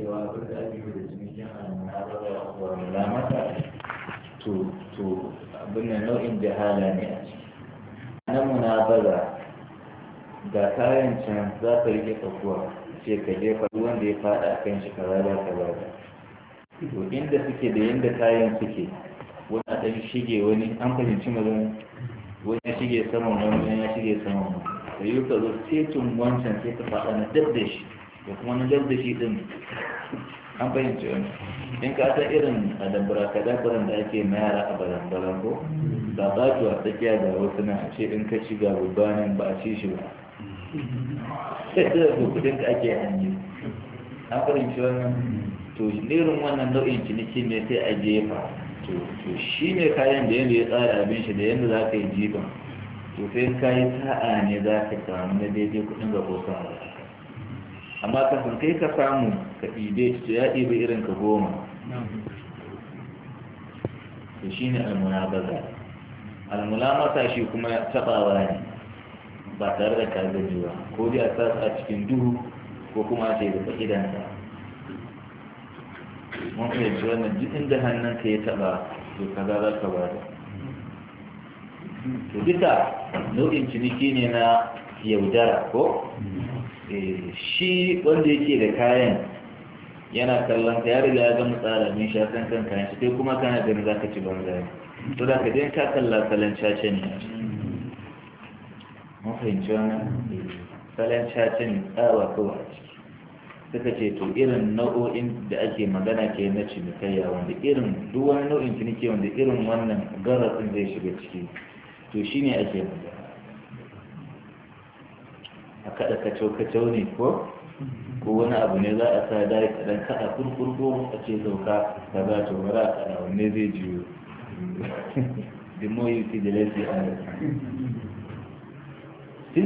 cewa abin da ake yi da cinikin al'amura wa mulamata to to abin da nau'in jihala ne a ciki na munabaza da kayan can za ka rike kafuwa ce ka jefa wanda ya fada a kan shi kaza da kaza da to inda suke da yanda kayan suke wani ɗan shige wani an fahimci mazan wani ya shige saman wani ya shige saman wani da yi ka zo setin wancan sai ka faɗa na dab da shi da kuma na jar da shi din an fahimci wani in ka ta irin a dabbara ka dabbara da ake mayara a baran ko ba ba ki wa tsakiya ga wasu na ce in ka ci ga rubanin ba a ci shi ba sai da kudin ka ake hanyi an fahimci wani to irin wannan nau'in ciniki ne sai a jefa to shi ne kayan da yadda ya tsara abin shi da yadda za ka yi jifan to sai ka yi sa'a ne za ka samu na daidai kudin ga ko sama amma kafin kai ka samu ka ibe shi ya ɗibe irin ka goma da shi ne almunabaza almulamata shi kuma taɓawa ne ba tare da ka ba ko dai a a cikin duhu ko kuma a ce da ba mun fahimci wannan duk inda hannunka ya taɓa to ka za ka ba da to duka nau'in ciniki ne na yaudara ko Eh, shi wanda yake da kayan yana kallon ka ya riga ya gama tsara min sha kan kan kayan shi kai kuma kana ganin zaka ci banza to da ka je ka kalla kallon caca ne mun fahimci wannan kallon eh, cace ne tsawa kawai a ciki suka ce to irin nau'o'in da ake magana ke na cinikayya wanda irin duk wani nau'in ciniki wanda irin wannan garasin zai shiga ciki to shine ake magana a kada kacau-kacau ne ko ko wani abu ne za a sa dai kadan kada kurkurgo a ce sauka ka za ta mara kada wanne zai jiyo the more you see the less you understand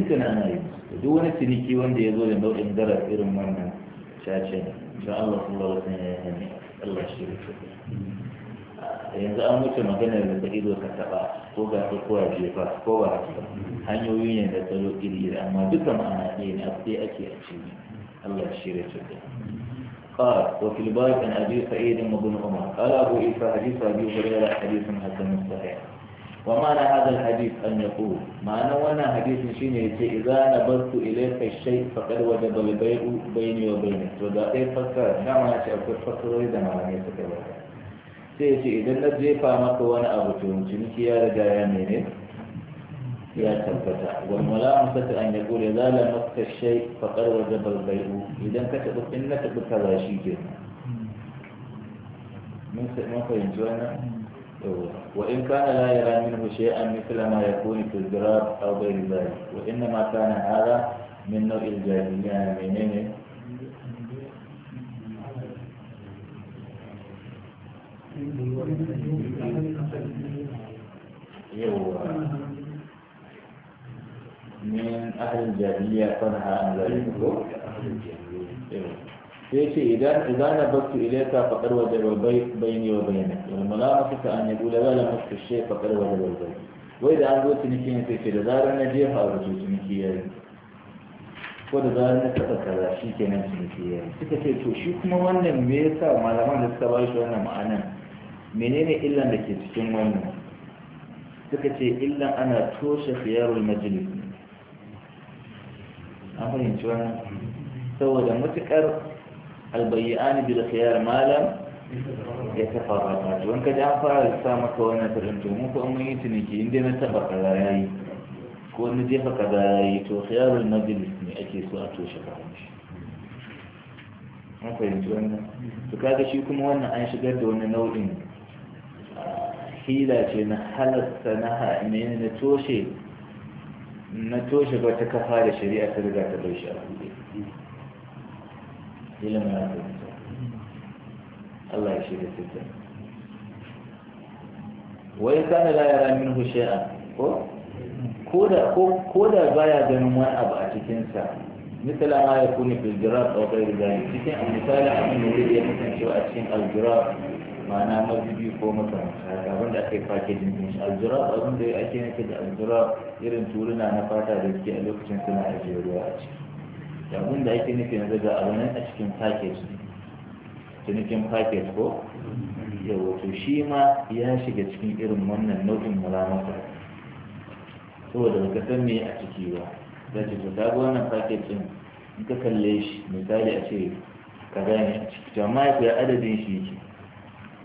tun ana yi duk wani ciniki wanda ya zo da nau'in garar irin wannan cace ne insha Allah sallallahu ya yi Allah shi ya a yanzu an wuce maganar da ido ka taba ko ga ko ko ya jefa ko ba hanyoyi ne da tsaro iri iri amma duka ma'ana ɗaya ne abu ɗaya ake a cikin Allah shi shirya da قال وفي الباب عن ابي سعيد وابن عمر قال ابو عيسى حديث ابي هريره حديث حسن صحيح ومعنى هذا الحديث ان يقول معنى وانا حديث شيء اذا نبذت اليك الشيء فقد وجب البيع بيني وبينك وذا اي فكر نعم انا شايف فكر اذا ما لم يتكلم sai ce idan na jefa maka wani abu to ki ya riga ya mene ya tabbata wal malamu sata an yaqul idza lam yakta shay faqad wajaba al bay'u idan ka tabu in na tabu kaza shi ke mun sai mun fahimci wannan وإن كان لا يرى منه شيئا مثل ما يكون في الزراب أو غير ذلك kana hada min من نوع الجاهلية منين من أهل الجاهلية فنهى أن لا فيش إذا إذا نبت إليك فقد وجب البيت بيني وبينك والملامة أن يقول لا لمست الشيء فقد وجب البيت وإذا أردت قلت نكين في كده دار نجيب هذا جوز نكيان وده دار نتفق هذا شيء كنا نكيان سكتي تشوف ما وانا ميسا وما لما نستوايش وانا معنا menene illan da ke cikin wannan suka ce illan ana toshe khiyarul majalis an fahimci wannan saboda matukar albayyani bil khiyar malam ya tafarraka to in ka ji an fara sa maka wannan tarin to mu ko mun yi tuniki inda na taba kaza yayi ko na jefa kaza yayi to khiyarul majlis ne ake so a toshe ka an fahimci wannan to kaga shi kuma wannan an shigar da wani nau'in حيله جن حل السنه من نتوشي نتوشي قلت كفاره شريعه ترجع تبيش اخوي الى ما الله يشهد سته وان كان لا يرى منه شيئا كودا كودا بايا جنوما ابا تكنسا مثل ما يكون في الجراد او غير ذلك مثال عن المريد يمكن شو اتشين الجراد ma'ana mazubi ko makaranta haka abinda aka yi fakejin din shi aljura da ake nake da aljura irin turuna na fata da suke a lokacin suna ajiye ruwa a ciki da abinda ake nake na daga abin a cikin paket cinikin paket ko ya wato shi ma ya shiga cikin irin wannan nau'in muramata saboda ka san me a ciki ba za ce to ta wannan paket din in ka kalle shi misali a ce ka gane a ciki ya adadin shi yake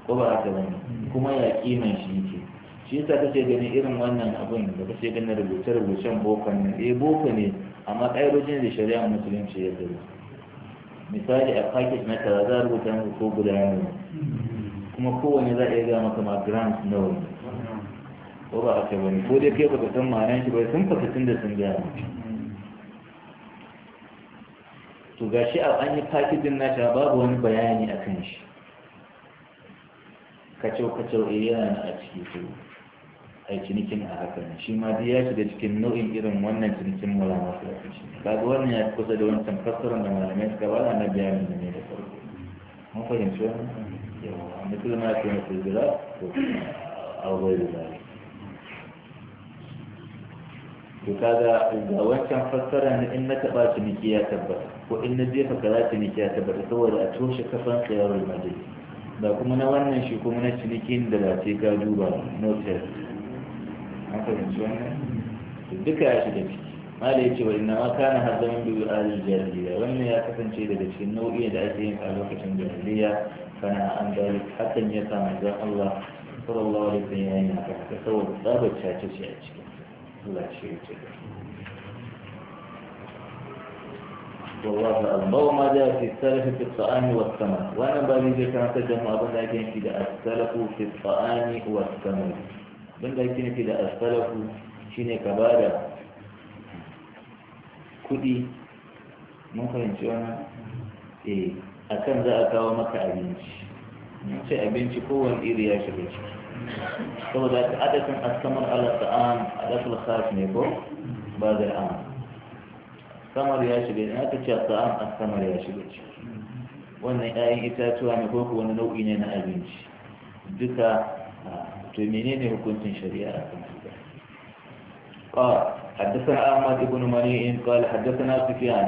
ko ba haka bane kuma ya kima shi yake shi yasa kace gani irin wannan abin da kace gani rubuce rubucen bokan ne eh boko ne amma kairojin da shari'a musulunci ya dace misali a package na kaza za a rubuta muku ko guda ne kuma kowane za a iya gama kama grant nawa ne ko ba haka bane ko dai kai ka san ma'anar shi ba sun fasa tun da sun gaya to gashi an yi packaging na babu wani bayani a kan shi kacau-kacau eh yana nan a ciki to ai cinikin a haka ne shi ma dai ya shiga cikin nau'in irin wannan cinikin mulamar. su kaga wannan ya kusa da wancan fassarar da malamai suka wala na bayanin da ne da farko mun fahimci wannan yawa mutum ma kuma mutu gira to a wani zai to kaga ga wancan fassara ne in na taɓa ciniki ya tabbata ko in na jefa kaza ciniki ya tabbata saboda a toshe kafan tsayawar majalisa da kuma na wannan shi kuma na cinikin da ba sai ka duba notes an fahimci wannan duka ya shiga ciki mala ya ce wa inna maka na hazan biyu alil jahiliya wannan ya kasance daga cikin nau'i da ake yin a lokacin jahiliya kana an dalik hakan ya sa manzon Allah sallallahu alaihi wasallam ya yi haka saboda tsabar cace ce a cikin Allah shi ya ce والله أعلم بو ما جاء في السلف في الطعام والثمن وأنا بالي ذلك أن تجمع أبن لكن كده السلف في الطعام والثمن بن لكن كده السلف شيني كبارة kudi mun fahimci wani eh a kan za a kawo maka abinci mun ce abinci kowane iri ya shiga ciki saboda adadin asamar ala ta'am adadin khas ne ko ba da am samar ya shiga in aka ce sa'an a samar ya shiga ciki wannan 'ya'yan itatuwa ne ko wani nau'i ne na abinci duka to menene hukuncin shari'a a kan haka قال حدثنا أحمد بن مريء قال حدثنا سفيان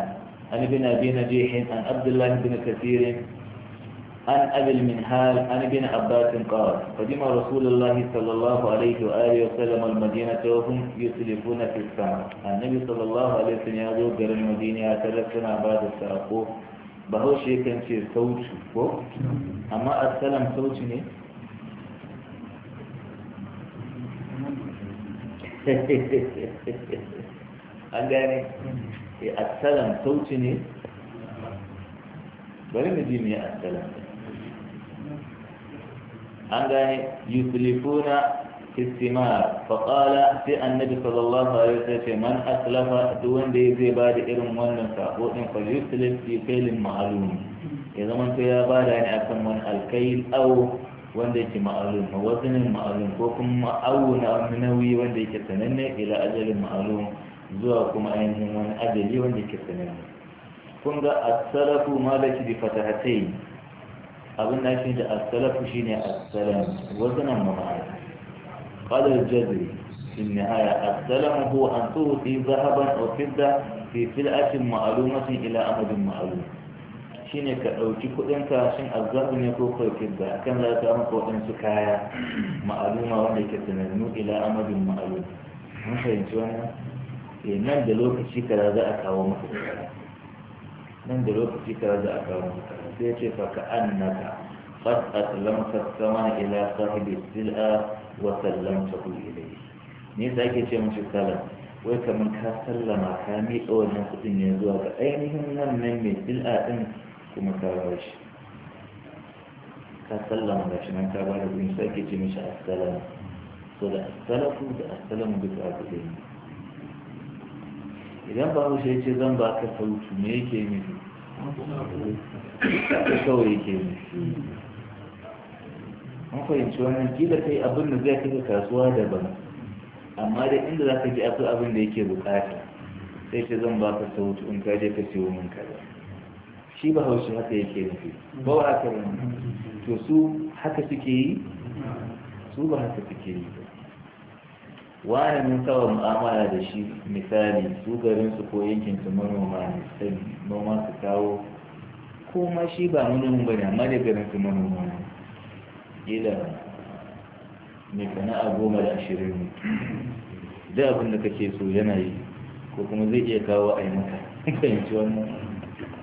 عن ابن أبي نجيح عن عبد الله بن كثير عن أبي المنهال عن ابن عباس قال قدم رسول الله صلى الله عليه وآله وسلم المدينة وهم يسلفون في السماء النبي صلى الله عليه وسلم يقول قال المدينة أتلسنا بعد بهو بهوشي كان في صوت أما السلام صوت an gane assalam sauci ne bari mu an gane yuslifuna istimar faƙala sai annabi sallallahu alaihi wasallam ce man aslafa duk wanda ya zai ba da irin wannan sako din fa yuslif fi kailin ma'lum ya zama to ya ba da ne akan wani alkail aw wanda yake ma'lum wazanin ma'lum ko kuma na nauyi wanda yake sananne ila ajalin ma'lum zuwa kuma ainihin wani ajali wanda yake sananne kun ga as-salafu ma da shi bi fatahatai أبن أشهد السلف شين السلام وزن المعارض قال الجزري في النهاية السلام هو أن تغطي ذهبا أو فضة في فلعة معلومة إلى أمد معلوم شين كأوتي كؤلنك عشان الزهب يكون في فضة كم لا تعمل كؤلن سكايا معلومة وليك تنزمو إلى أمد معلوم مش هينتوانا إنك إيه، نعم، دلوك الشيكرا ذاك هو مخصوصا nan da lokaci ka raja a kawo sai ya ce fa ka annaka a aslamta sama ila sahibi sil'a wa sallamtahu ilayhi ne sai ake ce mace salam wai kamar ka sallama ka miƙa wannan kuɗin ne zuwa ga ainihin nan mai sil'a ɗin kuma ka ba shi ka sallama ga shi nan ka ba da kuɗin sai ake ce mishi assalamu so da assalamu da assalamu duka a kuɗin. ne idan ba haushe ya ce zan ba ka sautu me yake nufi ka kawai yake nufi an fahimci wannan kila kai abin da zai kai kasuwa daban amma da inda za ka ji akwai abin da yake bukata sai ce zan ba ka sautu in ka je ka siyo min kaza shi ba haushe haka yake nufi ba wa aka to su haka suke yi su ba haka suke yi ba wani mun saba mu'amala da shi misali su garin su ko yankin su manoma ne sai noma su kawo kuma shi ba manomin bane amma da garin su manoma ne ne kana a goma da ashirin ne da abin da kake so yana yi ko kuma zai iya kawo a yi maka ci wannan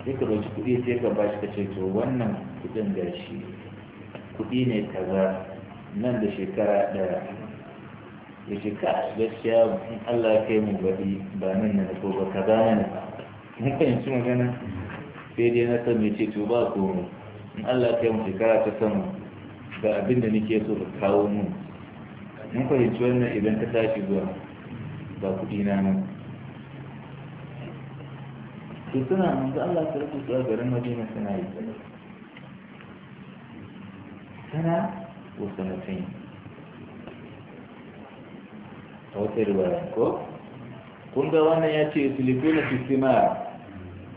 sai ka ɗauki kuɗi sai ka ba shi kace to wannan kuɗin gashi kuɗi ne kaza nan da shekara ɗaya ya ce ka gaskiya in Allah ya kai mu gadi ba nan na ko ba kaza na na mun fahimci magana sai dai na san mai ce to ba mu in Allah ya kai mu shekara ta sama ga abin da nake so ka kawo mun mun fahimci wannan idan ka tashi zuwa ba kuɗi na nan to suna nan da Allah ta rubuta garin Madina suna yi sana wa sanatain a wata ko kun ga wannan ya ce silikuna na simar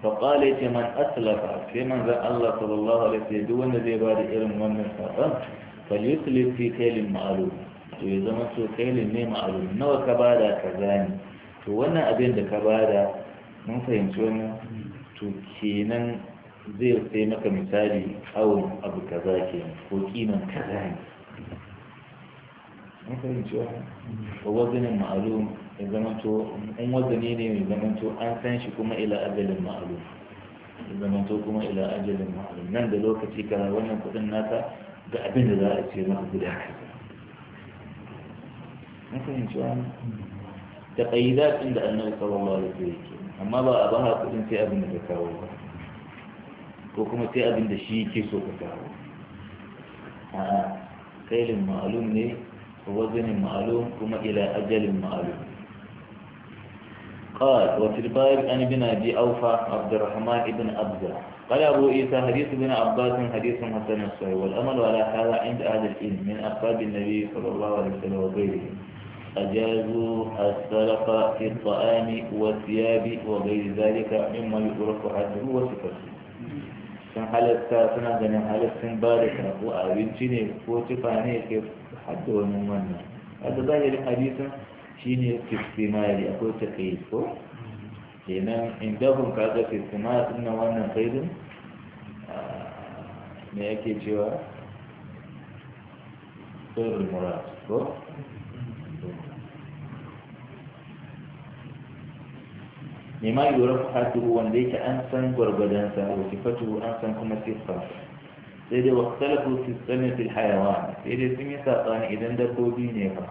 faƙala ya ce man aslafa sai manzan Allah sallallahu alaihi wasallam duk wanda zai bada irin wannan saƙon falyuslif fi kailin ma'alum to ya zama so kailin ne ma'alum nawa ka bada ka gane to wannan abin da ka bada mun fahimci wani to kenan zai sai maka misali awon abu kaza kenan ko kiman kaza ne mun fahimci wani wa wazanin ma'alum ya zamanto in wazani ne mai zamanto an san shi kuma ila ajalin ma'alum ya zamanto kuma ila ajalin ma'alum nan da lokaci ka wannan kuɗin naka ga abin da za a ce maka guda kaza mun fahimci wani da ƙayyida ɗin da annabi sallallahu alaihi wasallam yake amma ba a ba kuɗin sai abin da ka kawo ba ko kuma sai abin da shi ke so ka kawo a'a kailin ma'alum ne وزن معلوم كما إلى أجل معلوم قال وفي الباب أن بن أبي أوفى عبد الرحمن بن أبزة قال أبو إيسى حديث ابن عباس حديث حسن الصحيح والأمل على هذا عند أهل العلم من أقرب النبي صلى الله عليه وسلم وغيره أجازوا السلق في الطعام والثياب وغير ذلك مما يؤرق عنه وصفته sun halatta سنة ganin halittun barika ko abinci ne ko tufa حد ومن هذا ظاهر حديثا شيني في احتمال أقول تكيف هنا عندهم كذا في احتمال من وانا خير آه، ما يكيد جوا طير المراد لما يرفع حده وان ليك أنسان وربدانسا وصفته أنسان كما سيصفه sai dai في fi في fil hayawan sai dai sun yi saɓani idan dabbobi ne fa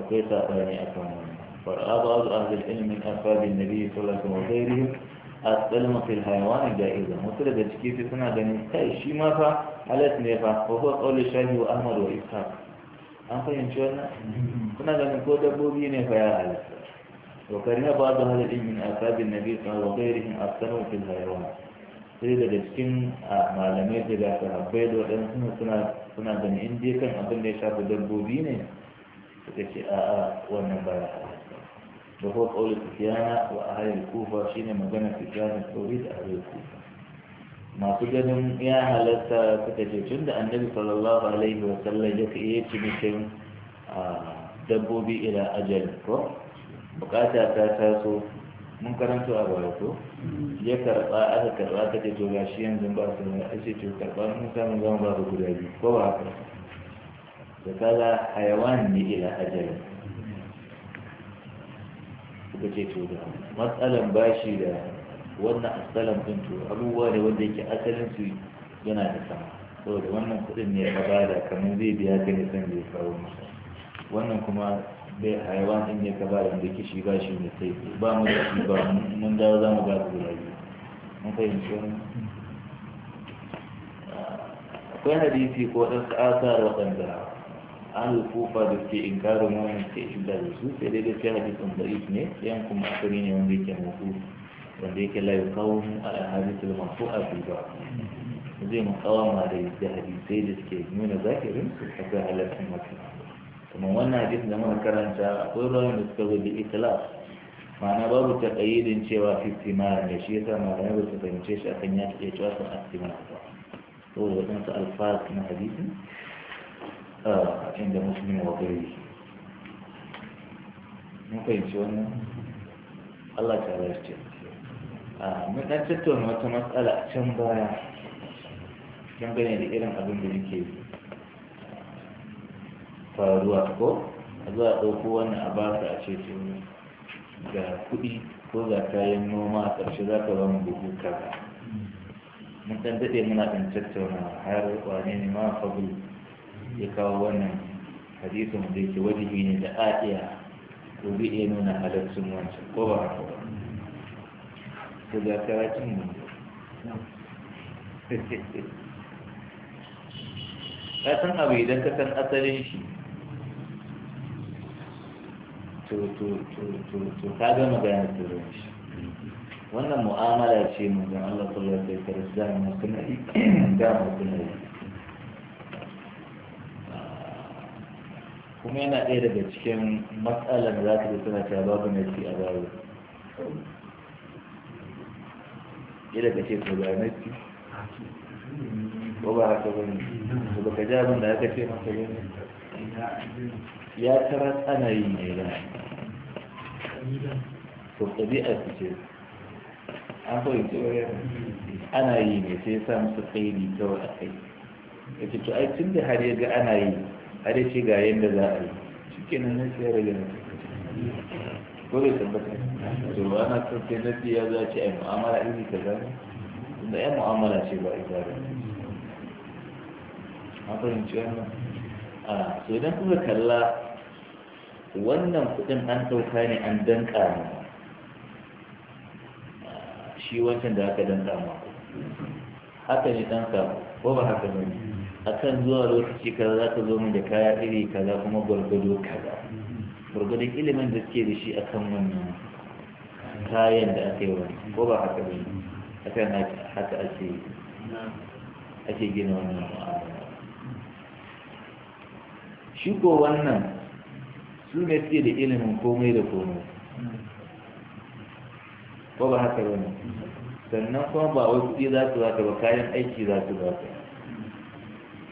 akwai saɓani a kan wani far'a ilmi asabin nabi sallallahu alaihi في الحيوان جائزة مثل ذلك في سنة دني كاي شي ما فا حالات نيفا وهو قول الشافعي وأحمد وإسحاق أنت ينشونا سنة دني كودة دبوبي يا حالات وكرنا بعض أهل العلم من أفراد النبي صلى الله عليه وسلم السلم في الحيوان sai daga cikin malamai daga sahabbai da waɗansu suna suna da in je kan abin da ya shafi dabbobi ne suka ce a a wannan da ko kauli sufiyana wa kufa shine magana sufiyana sauri da ahlul kufa masu ganin ya halatta suka ce tun da annabi sallallahu alaihi wa sallam ya iya cinikin dabbobi ila ajal ko bukata ta taso mun karanto a baya ko ya karba aka karba ka ce to ga shi yanzu ba su ne a ce to karba mun samu zan ba ku guda biyu ko ba haka da kaga hayawan ne ila ajali kuka ce to da matsalan bashi da wannan asalan din to abubuwa ne wanda yake asalin su yana da sama saboda wannan kuɗin ne ya bada kamar zai biya ka ne san kawo masa wannan kuma bai haiwan in ya kaba da kishi ba shi ne sai ba mu da shi ba mun dawo za mu gaba guda biyu mun fahimci wani akwai hadisi ko ɗan ƙasar waɗanda an fa da ke inkarin wani ke inda da su sai dai gaskiya hadisin da'if ne yan kuma asali ne wanda yake mutu wanda yake layu kawun al'adisul masu ba? zai kawama da hadisai da suke nuna zahirin su a ga halattun mutum kuma wannan hadisi da muka karanta akwai ruwan da suka zo da ikhlas ma'ana babu taqayyidin cewa fi timar ne shi yasa malamai ba su fahimce shi akan ya ke cewa sun astimar ba saboda wasu su alfaz na hadisin a inda muslimin wa gari mun fahimci wannan Allah ta rarce a mun dan tattauna wata matsala can baya dangane da irin abin da yake yi faruwa ko a zuwa ɗauko wani a ba a ce to ga kuɗi ko ga kayan noma a ƙarshe za ka zama buhu kaza mun ɗan daɗe muna ɗan tattauna har wane ne ma fagul ya kawo wannan mu da yake wajibi ne da a iya ko zai iya nuna halittun wancan ko ba haka ba ko ga karatun mu ka san abu idan ka san asalin shi تو تو تو تو تو کجا مگه اتفاقش؟ ون معامله چی مگه؟ الله طلیع تی کرد زن مکنی دام مکنی. کمی نه ایره بچ کم مسئله مدرک دستم که آباد میشی آباد. ایره بچی مگه میشی؟ بابا هاتو بني بابا كجابن لا يكفي ما تقولين ya tara ana yi ne da to ɗabi'a su ce an kawai wayar ana yi ne sai sa musu kairi kawai a kai ya ce to ai tun da har ya ga ana yi har ya ce ga yadda za a yi shi ke nan sai ya rage na ko zai tabbata to ana son sai na ya za ce ai mu'amala iri ka zama tunda ai mu'amala ce ba ita ba an fahimci wannan a so idan kuka kalla wannan kudin an ɗauka ne an danka ne. shi wancan da aka danka ma haka ne danka ko ba haka ne akan zuwa lokaci kaza za ka zo min da kaya iri kaza kuma gwargwado kaza gwargwadon ilimin da suke da shi akan wannan kayan da aka yi wani ko ba haka ne kan haka ake ake gina wannan shi ko wannan su ne suke da ilimin komai da komai ko ba haka ba ne sannan kuma ba wai kuɗi za su ka ba kayan aiki za su baka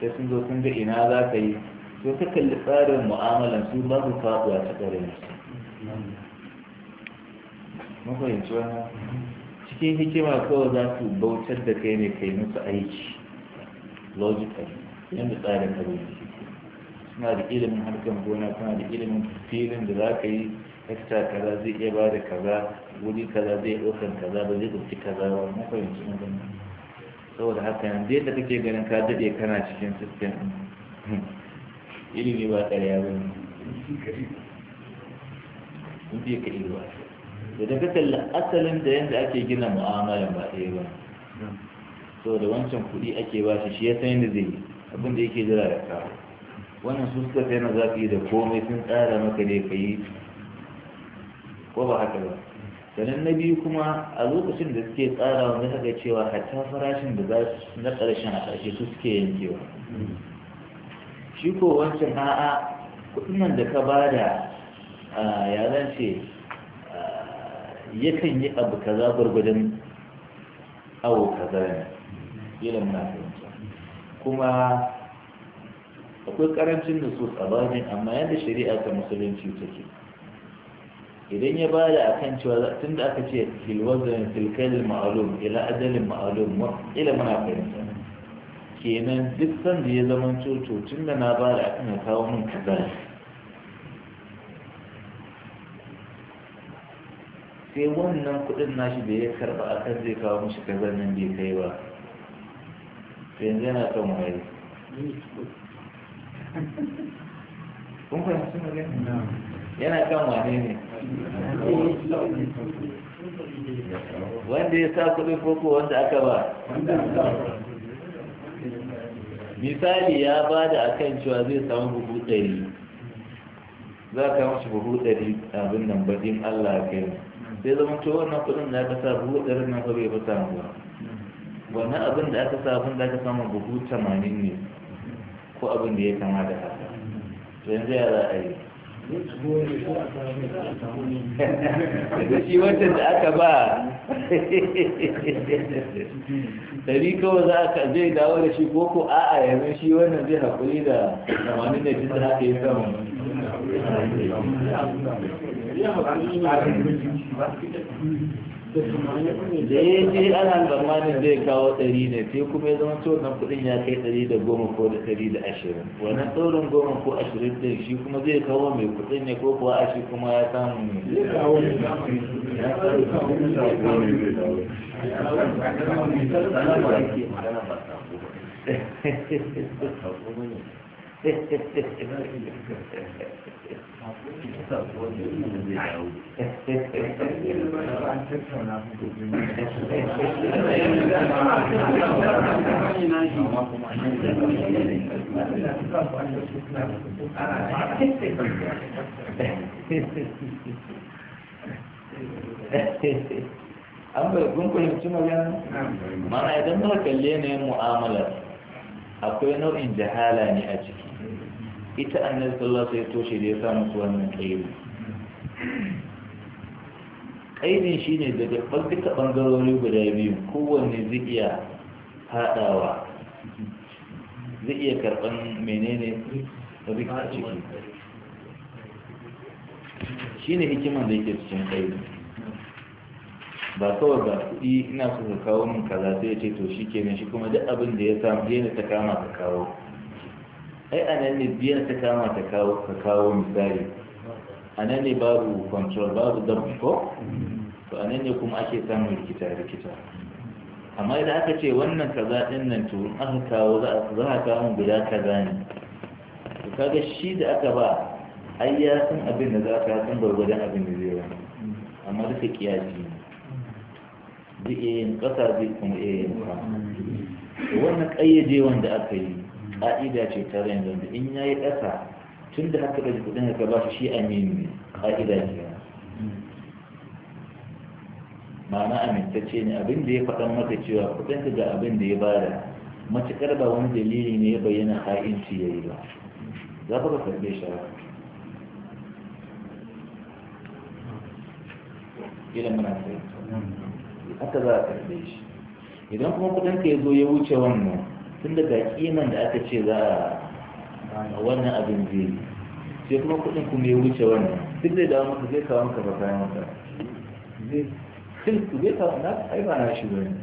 sai sun zo sun ga ina za ka yi to ka kalli tsarin mu'amalan su ba su faɗuwa ta ƙarin mun fahimci wannan cikin hikima kawai za su bautar da kai ne kai musu aiki logically yadda tsarin abinci suna da ilimin harkar gona suna da ilimin filin da za ka yi hekta kaza zai iya ba da kaza wuri kaza zai ɗaukar kaza ba zai ɗauki kaza ba na fahimci na gani saboda haka yanzu yadda kake ganin ka daɗe kana cikin sistem ilimi ba ƙarya ba ne in fiye ka ilwa da daga kalli asalin da yadda ake gina mu'amalan ba ɗaya ba saboda wancan kuɗi ake ba shi shi ya san yadda zai yi abin da yake jira da kawo wannan su suka sai na zafi da komai sun tsara maka ne ka yi ko ba haka ba sannan na biyu kuma a lokacin da suke tsara wanda haka cewa hatta farashin da za su na ƙarshen a ƙarshe su suke yankewa shi ko wancan a'a kuɗin nan da ka bada ya zan ce yakan yi abu kaza gwargwadon awo kaza ne ilan na fahimta kuma akwai karancin da su tsabanin amma yadda shari'a ta musulunci take idan ya ba da akan cewa tun da aka ce filwazin filkalin ma'alum ila adalin ma'alum ila muna fahimta kenan duk sanda ya zama coco tun da na ba da akan kawo min kaza sai wannan kudin nashi da ya karba akan zai kawo mishi kaza nan bai kai ba yanzu yana kan wayar kun fahimci magana yana kan wane ne wanda ya sa kuɗin koko wanda aka ba misali ya ba da akan cewa zai samu buhu ɗari za ka mashi buhu ɗari abin nan baɗin allah kai sai zama to wannan kuɗin da aka sa buhu ɗari nan fa bai fi samu ba wannan abin da aka sa abin da aka samu buhu tamanin ne ko abin da ya kama da haka to yanzu ya za a yi da shi wancan da aka ba dari kawai za a ka zai dawo da shi ko ko a'a yanzu shi wannan zai haƙuri da tamanin da jisa haka yi sama ya da ya je ana tsammanin zai kawo ɗari ne sai kuma ya zama tsoron kuɗin ya kai ɗari da goma ko da ɗari da ashirin wannan tsoron goma ko ashirin ɗin shi kuma zai kawo mai kuɗin ne ko kuwa ashi kuma ya samu ne an bai kun fahimci magana mana idan muka kalli yanayin mu'amalar akwai nau'in jahala ne a ciki ita annabi sallallahu alaihi sai toshe da ya sa musu wannan shi ne da daga duka bangarori guda biyu kowanne zai iya haɗawa zai iya menene rikicin ciki Shi ne hikiman da yake cikin kaidin ba kawai ba kuɗi ina so ka kawo min kaza sai ya ce to shi kenan shi kuma duk abin da ya samu yana ta kama ka kawo ai a nan ne biyar ta kama ta kawo ka kawo misali a nan ne babu control babu dam ko to a nan ne kuma ake samun rikita rikita amma idan aka ce wannan kaza din nan to aka kawo za a kawo guda kaza ne to kaga shi da aka ba ai ya san abin da za ka san gwargwadon abin da zai wani amma duka kiyasi ne zai iya yin ƙasa zai kuma iya yin kwa wannan ƙayyade wanda aka yi ƙa'ida ce ta rayan yanzu in ya yi ƙasa tun da haka ɗaji kuɗin haka ba shi aminu ne ƙa'ida ce ma'ana amintacce ne abin da ya faɗan maka cewa kuɗin ga abin da ya bada matuƙar ba wani dalili ne ya bayyana ha'inci ya yi ba za ka ba karɓe shi ba idan sai haka za a karɓe shi idan kuma kudin ka ya zo ya wuce wannan tun daga kiman da aka ce za a wannan abin zai sai kuma kuɗin kuma ya wuce wannan duk zai dawo maka zai kawo maka baka maka zai ku zai kawo na ai ba na shi ba ne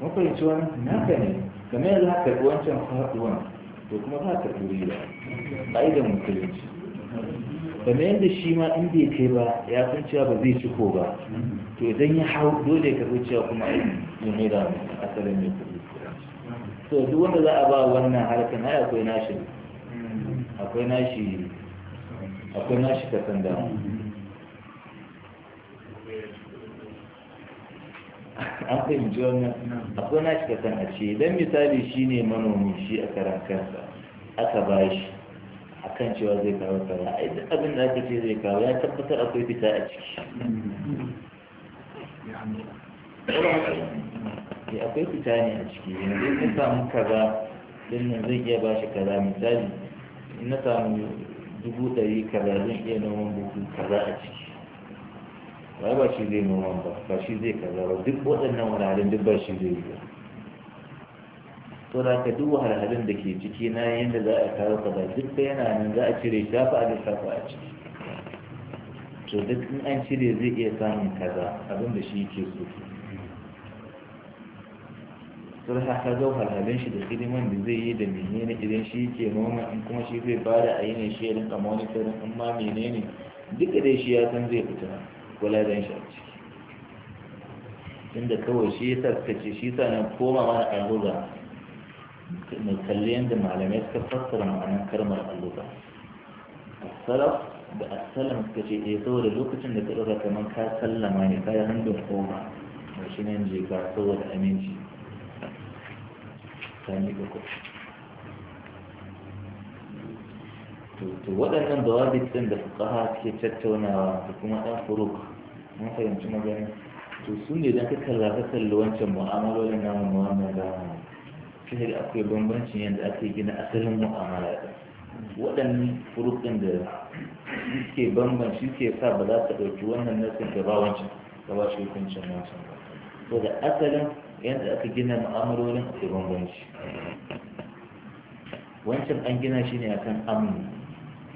mafahimci wani naka ne game da za ka karɓi wancan faɗuwan to kuma za ka karɓi ba. ba yi idan musulunci kamar yadda shi ma in bai kai ba ya san cewa ba zai ciko ba to idan ya hau dole ka cewa kuma a ne da asalin ne kuɗi to duk wanda za a ba wannan harkan ai akwai nashi akwai nashi akwai nashi kasan damu an fahimci wannan akwai nashi kasan a ce idan misali shi ne manomi shi a karan kansa aka ba shi a kan cewa zai kawo kaza a duk abin da aka ce zai kawo ya tabbatar akwai fita a ciki ya eh, akwai fita ne a ciki yanzu in samu kaza din nan zai iya ba shi kaza misali in na samu dubu ɗari kaza zan iya noman buku kaza a ciki ba ba shi zai noman ba ba shi zai kaza ba duk waɗannan wani duk ba shi zai yi ba to da ka duba wahalhalun da ke ciki na yadda za a kawo ba duk da yana nan za a cire shafa a lissafa a ciki to duk in an cire zai iya samun kaza abin da shi ke so sun haka zo halhalin shi da hidiman da zai yi da menene idan shi ke noma in kuma shi zai ba da ne shi ya rinka monitorin in ma menene duka dai shi ya san zai fita kula da shi a ciki inda kawai shi ya sa suka ce shi sa na koma mana a mu kalli yadda malamai suka fassara ma'anar kalmar alluba asalaf da asalam suka ce eh saboda lokacin da ka ɗauka kamar ka sallama ne ka yi hannun koma mai shi nan je ka saboda aminci ta miƙa kuɗi to waɗannan dawabit ɗin da fuqaha suke tattaunawa da kuma ɗan furuk mun fahimci magana to su ne don ka kalla ka kalli wancan mu'amalolin namu na wannan zamani sai akwai bambancin yadda ake gina asalin mu'amala ɗin waɗannan furuɗin da suke bambanci suke sa ba za ta ɗauki wannan nasin da ba wancan da ba shi hukuncin wancan ba da asalin yadda aka gina mu'amalolin akwai bambanci wancan an gina shi ne akan amini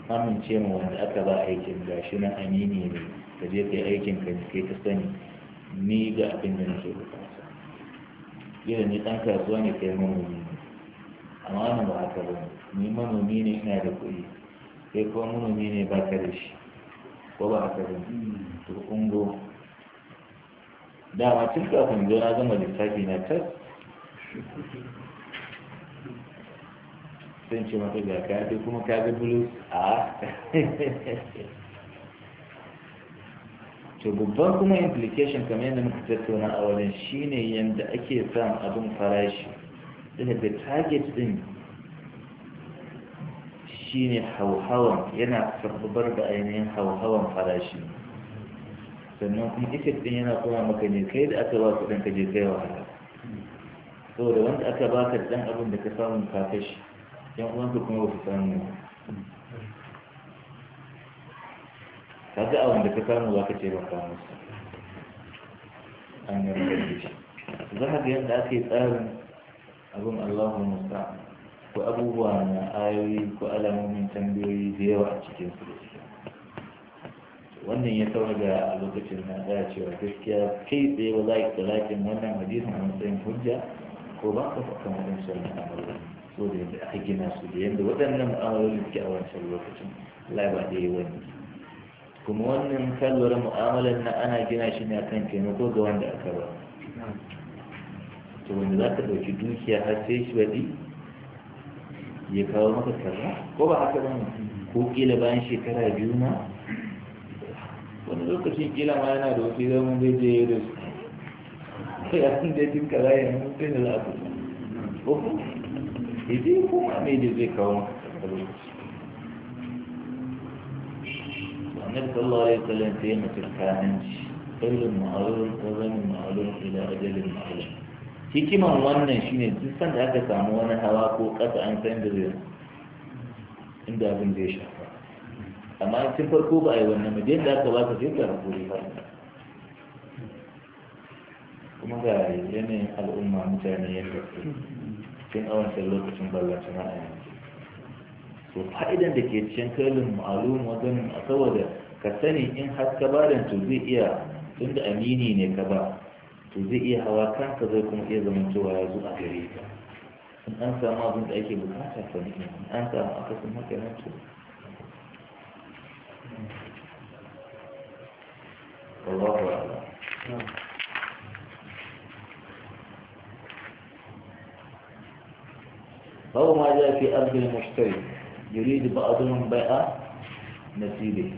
amince ma wanda aka ba aikin shi na amini ne ka je ka yi aikin ka kai ta sani ni ga abin da nake buƙata yadda ni ɗan kasuwa ne kai manomi ne amma wannan ba haka ba ni manomi ne ina da kuɗi kai kuma manomi ne ba ka da shi ko ba haka ba hmm. to kungo dama tun kafin zo na gama lissafi na tas sun ce mata ga ka kuma ka ga bulus a ah. تبقى هناك implication كما يندم كتبتونا أولا شيني يند أكي فان أبن فرايشي ده ده target دين شيني حو حو kaga a wanda ka samu za ka ce ban kawo musu an yi da shi za ka ga yadda ake tsarin abin allahu musa ko abubuwa na ayoyi ko alamomin tambayoyi da yawa a cikin su da shi wannan ya sauka ga a lokacin na da cewa gaskiya kai tsaye ba za a yi tsalakin wannan hadisin a matsayin hujja ko ba ka faɗa wajen sauran Amurka, so da yadda aka gina su da yadda waɗannan mu'amalolin suke a wancan lokacin lai ba da yi wani kuma wannan kalwar mu'amalar na ana gina shi ne akan taimako ga wanda aka ba to wanda za ka dauki dukiya har sai shi baɗi ya kawo maka kaza ko ba haka ba ko kila bayan shekara biyu ma wani lokacin kila ma yana da wasu zaman zai je ya rasu ko ya sun da jin kaza ya mun kai da za a ko ko idan kuma mai da zai kawo maka kaza lokaci نبت الله عليه وسلم في يمة الكامنج قبل المعلوم قبل المعلوم إلى أجل المعلوم في كما هو أن الشيء جسدًا هكذا سعمونا هواكو قطع أن تنبذي عند أبن جيش أما تنفر كوبا أيوة أنما جيد لا تواسع في ترقولي فرنا كما قال يعني الأمة متعني يفكر كن أول سلوك تنبالك شمائي to fa'idan da ke cikin kalin ma'alum wajen a saboda ka sani in har ka badan to zai iya tunda amini ne ka ba to zai iya hawa kanka zai kuma iya zama cewa ya zo a gare ka in an samu abin da ake bukata ka ne in an samu akasin haka nan to والله أعلم أو ما جاء في أرض المشتري يريد بعضهم بقى نسيبه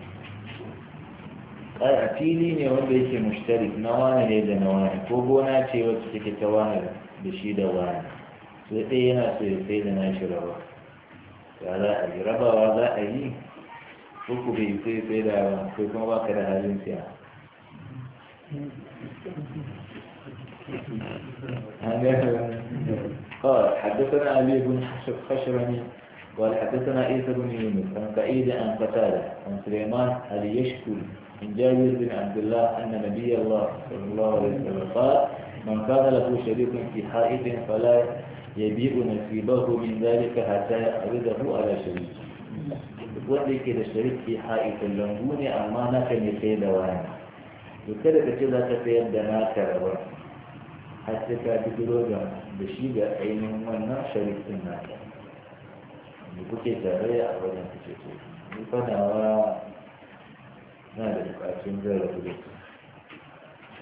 قال اعطيني من ربي مشترك نوانا هيدا نوانا فوقونا شيء وتسكي توانا بشي دوانا سيدينا سيدينا نايشي ربا قال اي ربا وضا اي فوقو في يطي سيدا كيف ما باكرا هالين فيها قال حدثنا علي بن حشب خشرني قال حدثنا عيسى بن يونس عن سعيد عن قتاده عن سليمان علي يشكو من جابر بن عبد الله ان نبي الله صلى الله عليه وسلم قال من كان له شريك في حائط فلا يبيع نصيبه من ذلك حتى يعرضه على شريك وذي كده شريك في حائط اللنبوني اما نكن يسيد وانا وكده كتلا تفيد دناك ربما حتى كابدرو جانا بشيبه اي وانا شريك الناس me kuke tarayya a wajen ku ce to ni fanawa na da bukatun zai rabu da su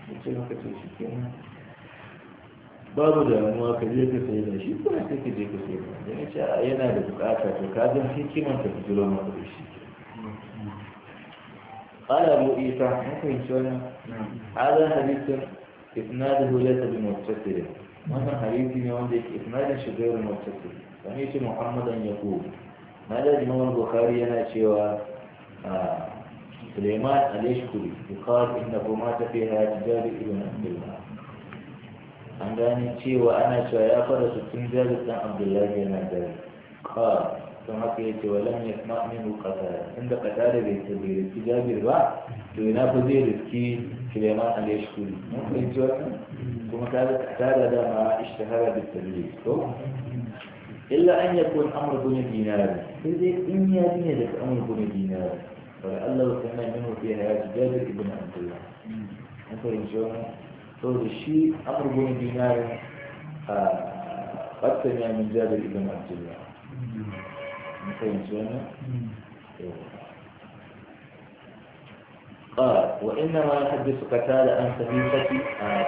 mu ce maka ce shi kenan babu da damuwa ka je ka sai da shi kuma sai ka je ka sayi da ni ce yana da bukata to ka zan hikiman ka fitilo maka da shi ala mu قال أبو عيسى ممكن شوية هذا حديث إسناده bi بمتصل wannan hadithi ne wanda yake isnadin shi gairu muttasil سمعت محمدا يقول هذا الإمام البخاري أنا شوى سليمان اليشكري يقال إنه مات في حجاج ابن عبد الله an gane cewa ana cewa ya fara sukun jabir dan abdullahi yana dare ka don haka ya ce wa lam yasma minhu qatara inda qatara bai ce bai riski jabir ba to ina fa zai riski suleiman al-yashkuri mun fahimci wannan kuma ta ga qatara da ma ishtahara bi tadlis to إلا أن يكون أمر دون دينار إذا إن يدين لك أمر دون دينار فلعله سمع منه في حياة جابر بن عبد الله أنت الجمع تقول الشيء أمر دون دينار قد سمع من جابر بن عبد الله أنت الجمع قال وإنما يحدث قتالة أن آه، خليفتي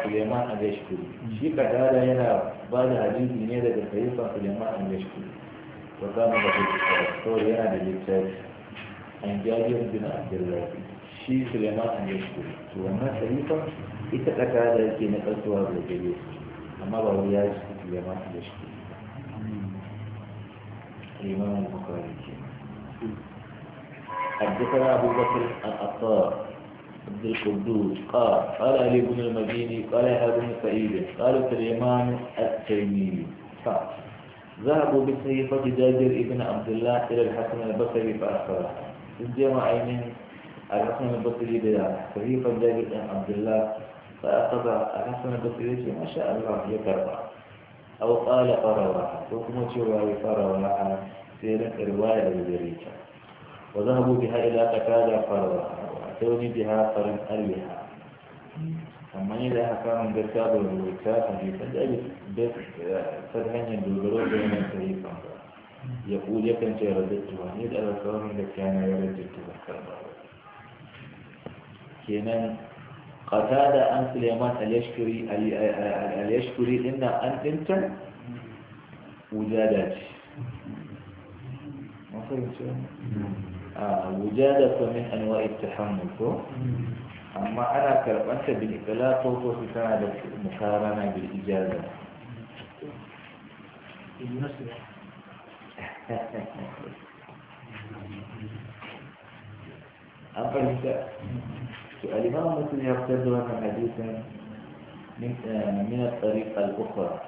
سليمان أن يشكري شي قتالة هنا بعد حديث من يدى خليفة سليمان أن يشكري وكان بقيت الصور هنا بالكتاب أن جابر بن عبد الله شي سليمان أن يشكري وما خليفة إذا قتالة كي نقلتها بالجليس أما بقول يا سليمان أن يشكري الإمام البخاري حدثنا أبو بكر الأطار عبد القدوس قال قال علي بن المديني قال يحيى بن سعيد قال سليمان التيمي ذهبوا بسيفة جابر بن عبد الله إلى الحسن البصري فأخبره الجمع من الحسن البصري بلا سيفة جابر بن عبد الله فأخذ الحسن البصري ما شاء الله يكرر أو قال قررها وكما تشوى قررها سيرة رواية الجريجة وذهبوا بها إلى تكادر قررها الكون بها فرن أريها ومن إذا كان بركاب الملكة فهي فدعني بين الكريفة يقول يكن تردت وان إذا الكون من كان يردت تذكر كينا قتادة أن سليمان اليشكري اليشكري إن أن أنت وزادت وجادة آه، من أنواع التحمل أما أنا كرب أنت بالإقلاع توقف في كان هذا مقارنة بالإجازة أفضل لك سؤال ما ممكن يرتدون حديثا من آه، الطريقة الأخرى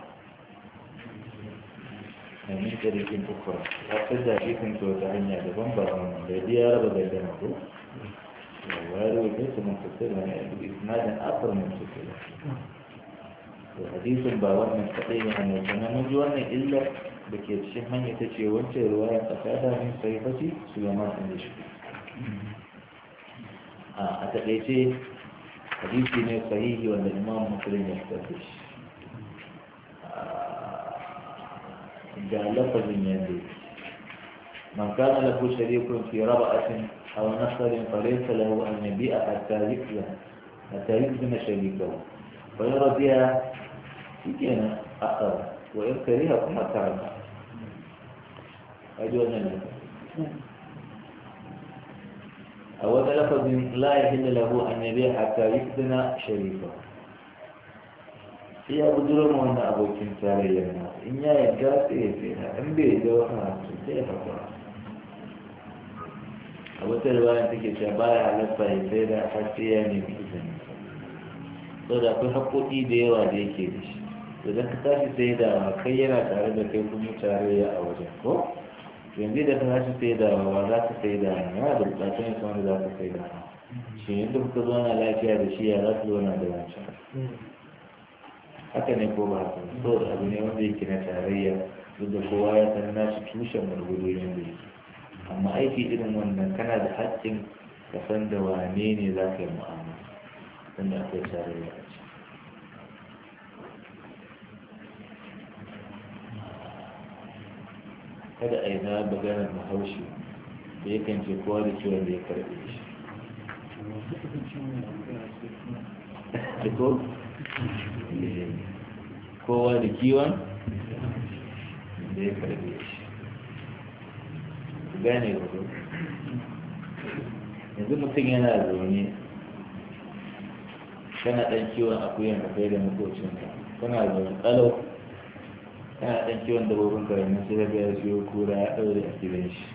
من طريق أخرى هكذا حديث توتعني على بنبرا الذي يرى بدل جنبه وهذا ليس منفصلا بإسناد آخر منفصلا وحديث باور مستقيم أن يتنمج وأن إلا بكيت شهن يتشي وانت رواية أفادها من صحيفة سليمان النشبي آه، أتقيتي حديثي من صحيح وأن الإمام مسلم يحتفش جعلت من يديك من كان له شريك في ربأة أو نصر فليس له أن يبيع حتى يكذن حتى يكذن شريكه فيرى بها سجن أخر وإن كريها كما تعلم أجوة نبيك أولا لفظ لا يحل له أن يبيع حتى يكذن شريكه sai ya buduro ma wani abokin tarayya na in ya yarda sai ya na in bai da wata hantu sai ya haƙura a wata riwaya take cewa baya halatta ya sai da a sai ya nemi izini da akwai haƙoƙi da yawa da yake da shi to da ka tashi sai da kai yana tare da kai kuma tarayya a wajen ko yanzu da ka tashi sai da wa za ka sai da yana da bukatun yasa da za ka sai da shi yadda kuka zauna lafiya da shi ya za ka zauna da wancan حتى نبوا صور أبني ودي كنا تارية ضد قوايا الناس تشوشا من الوضوين دي أما أي في إذن وانا كان هذا حتى كفند واميني ذاك المؤمن ثم أكي تارية kada a yi na bagana da haushi da yakan ce ko kowa da kiwon da ya karbe shi gane wato yanzu mutum yana zaune kana ɗan kiwon akuyan da kai da makocinka kana zaune ƙalau kana ɗan kiwon da ka karamin sai ka ya siyo kura ya ɗaure a gidan shi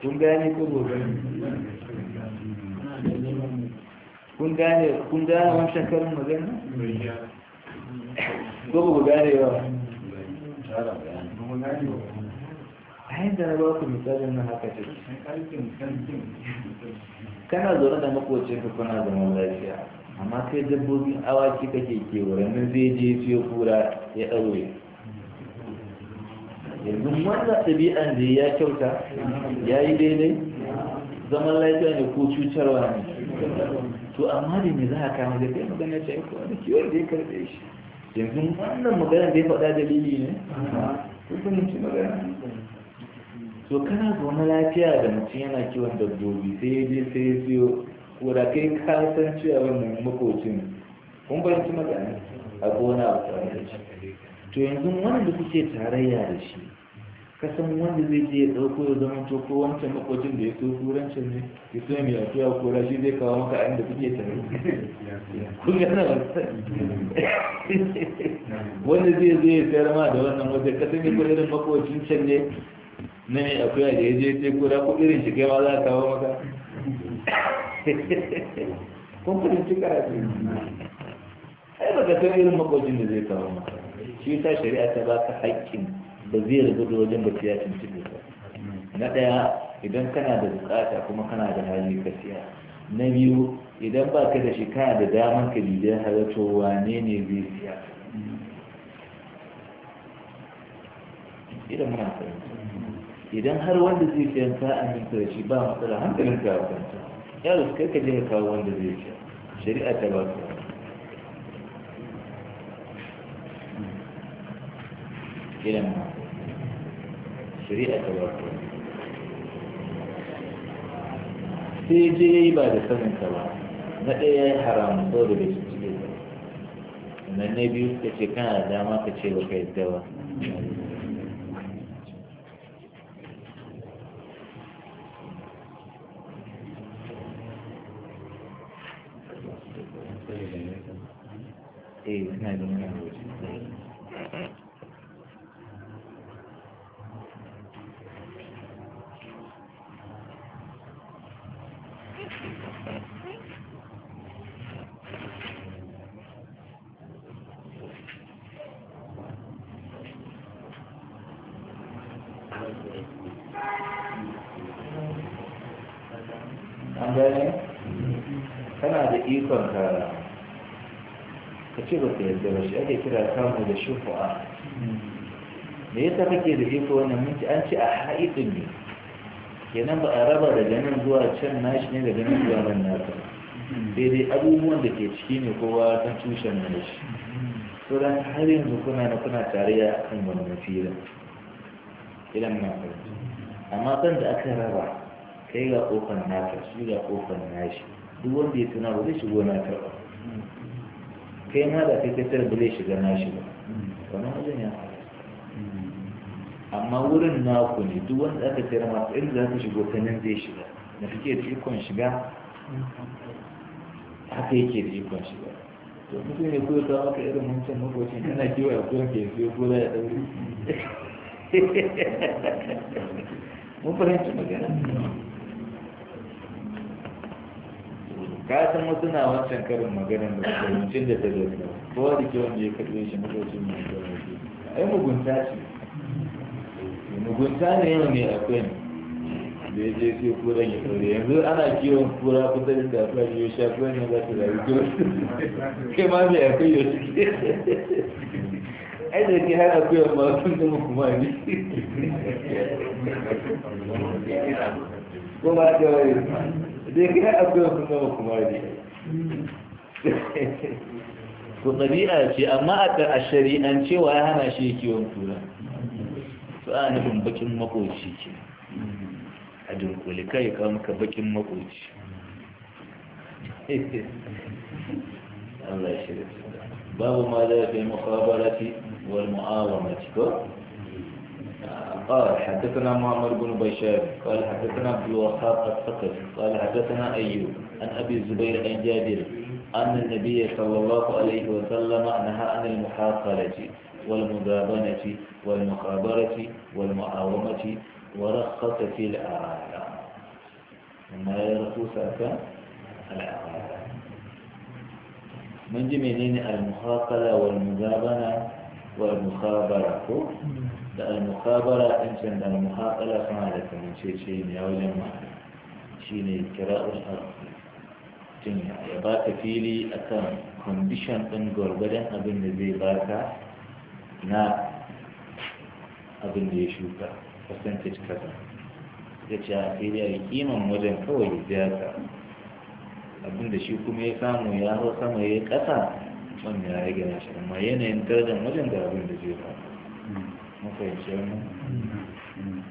kun gane ko gobe kun gane kun gane wancan karin magana ko ba gane yawa? a da na ba ku misalin na haka ce kana zaune da makocin ka kuna zaman lafiya amma kai dabbobin awaki kake ke wurin zai je fiye kura ya ɗaure yanzu wannan ɗabi'an da ya kyauta ya yi daidai zaman laifin ne ko cutarwa ne to amma da ne za a kama da kai magana ta yi kowa da kiwon da ya karɓe shi yanzu wannan magana da ya faɗa lili ne kusan mutum magana to kana zaune lafiya da mutum yana kiwon dabbobi sai ya je sai ya siyo wadda kai ka san cewa wani makocin kun fahimci magana a gona a tsarin to yanzu wani da kuke tarayya da shi kasan wanda zai je ya dauko ya zama to ko wancan makocin da ya so turancin ne ya so mai yafiya ko rashi zai kawo maka ayin da kuke tare kun gana wanda zai zai ya sayar ma da wannan wajen kasan ya kuɗi irin makocin can ne na mai akuya da ya je ya ce ko da ko irin shi kai ma za a kawo maka kun kuɗin cika a ai ba ka san irin makocin da zai kawo maka shi ta shari'a ta ba ka haƙƙin ba zai rabu da wajen ba siya cin cikin na ɗaya idan kana da bukata kuma kana da hali ka siya na biyu idan ba ka da shi kana da daman ka bidiyar halatto wane ne zai siya idan muna fahimta idan har wanda zai siya ka aminta da shi ba matsala hankalin ka kwanta yaro su kai ka je ka kawo wanda zai siya shari'a ta ba ka idan muna shari'a ta wato sai je ya yi ba da sanin ta ba na ɗaya ya yi haramun sau da bai su ba na na biyu ka ce kana da dama ka ce ba ka yadda ba eh ina da wani kana da ikon ka ka ce ba ka yadda ba shi ake kira kamu da shufu'a me yasa kake da iko wannan minti an ce a haidun ne kenan ba a raba daga nan zuwa can nashi ne daga nan zuwa nan nasa daidai abubuwan da ke ciki ne kowa kan tushen shi to da har yanzu kuna na kuna tarayya a kan wani mafilin idan na farko amma kan da aka raba kai ga kofar nasa shi ga kofar nashi duk wanda ya tuna ba zai shigo na ba kai ma da kai ka tarbile shiga nashi ba kamar wajen ya faru amma wurin naku ne duk wanda aka tsira masu inda za ka shigo ta nan zai shiga da suke da ikon shiga haka yake da ikon shiga to mutum ne ko ta maka irin wancan makocin kana kiwa ya kura ke siyo ko da ya ɗauri mun fahimci magana ka san wasu na wancan karin magana da fahimcin da ta zai ko da ke wanda ya karɓe shi makocin mai zai ai mugunta shi mugunta ne yau ne akwai da ya je sai kura ne tsore yanzu ana kiwon kura kusa da kasuwa ya sha kura ne za ta rayu to kai ma mai akwai yau suke ai da ke har akwai amma sun zama kuma ne kuma ta wani da ke har akwai sun zama kuma ne ko ɗabi'a ce amma a shari'ance wa ya hana shi kiwon kura sahibin bakin makoci ke a dunkule kai kawo maka bakin makoci Allah shi babu ma da fi muqabalati wal mu'awamati ko قال حدثنا معمر بن بشار قال حدثنا عبد الوهاب الثقفي قال حدثنا ايوب عن ابي الزبير عن جابر ان النبي صلى الله عليه وسلم نهى عن المحاصرة والمدابنة والمخابرة والمعاومة ورخص في الأعالى ما يرخص الأعالى من جميلين المخاقلة والمدابنة والمخابرة المخابرة أنت عند المخاقلة فعلت من شيء شيء يولى وجمعنا شيء kira'ul الأرض يا ya فيلي أكام كونديشن kwandishan ɗin ابن abin da na abin da ya shuka percentage kaza ya ce a sai dai kiman wajen kawai ziyarta abin da shi kuma ya samu ya hau sama ya yi kasa wanda ya rage na shi amma yanayin darajar wajen da abin da zai faru mm-hmm. mun fahimci wannan mm-hmm.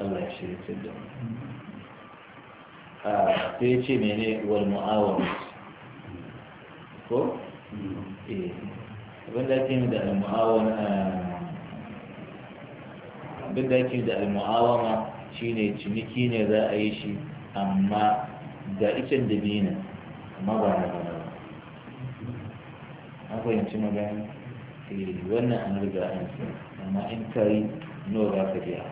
Allah ya shirya da a ah, sai ya ce mene wal mu'awamah ko mm-hmm. eh. abin da ake da al-mu'awana abin da shine ciniki ne za a yi shi amma da icen dabina amma ba na ba an fahimci magana eh, wannan an riga an amma in ka yi nawa za ka biya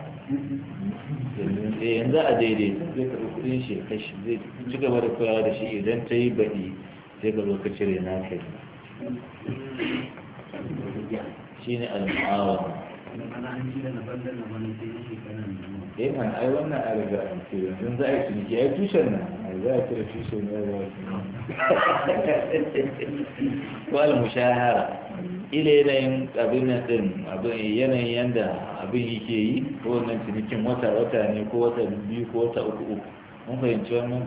eh, yanzu a daidai zai karɓi kuɗin shi kashi zai ci gaba da kula da shi idan ta yi baɗi sai ka zo ka cire na kai shine al-mu'awana eh man ai wannan a riga an ce yanzu za a yi ciniki ai tushen nan ai za a cire tushen ne ba ko al mushahara ile yanayin abin nan din abin yanayin yanda abin yake yi ko wannan cinikin wata wata ne ko wata biyu ko wata uku uku mun fahimci wannan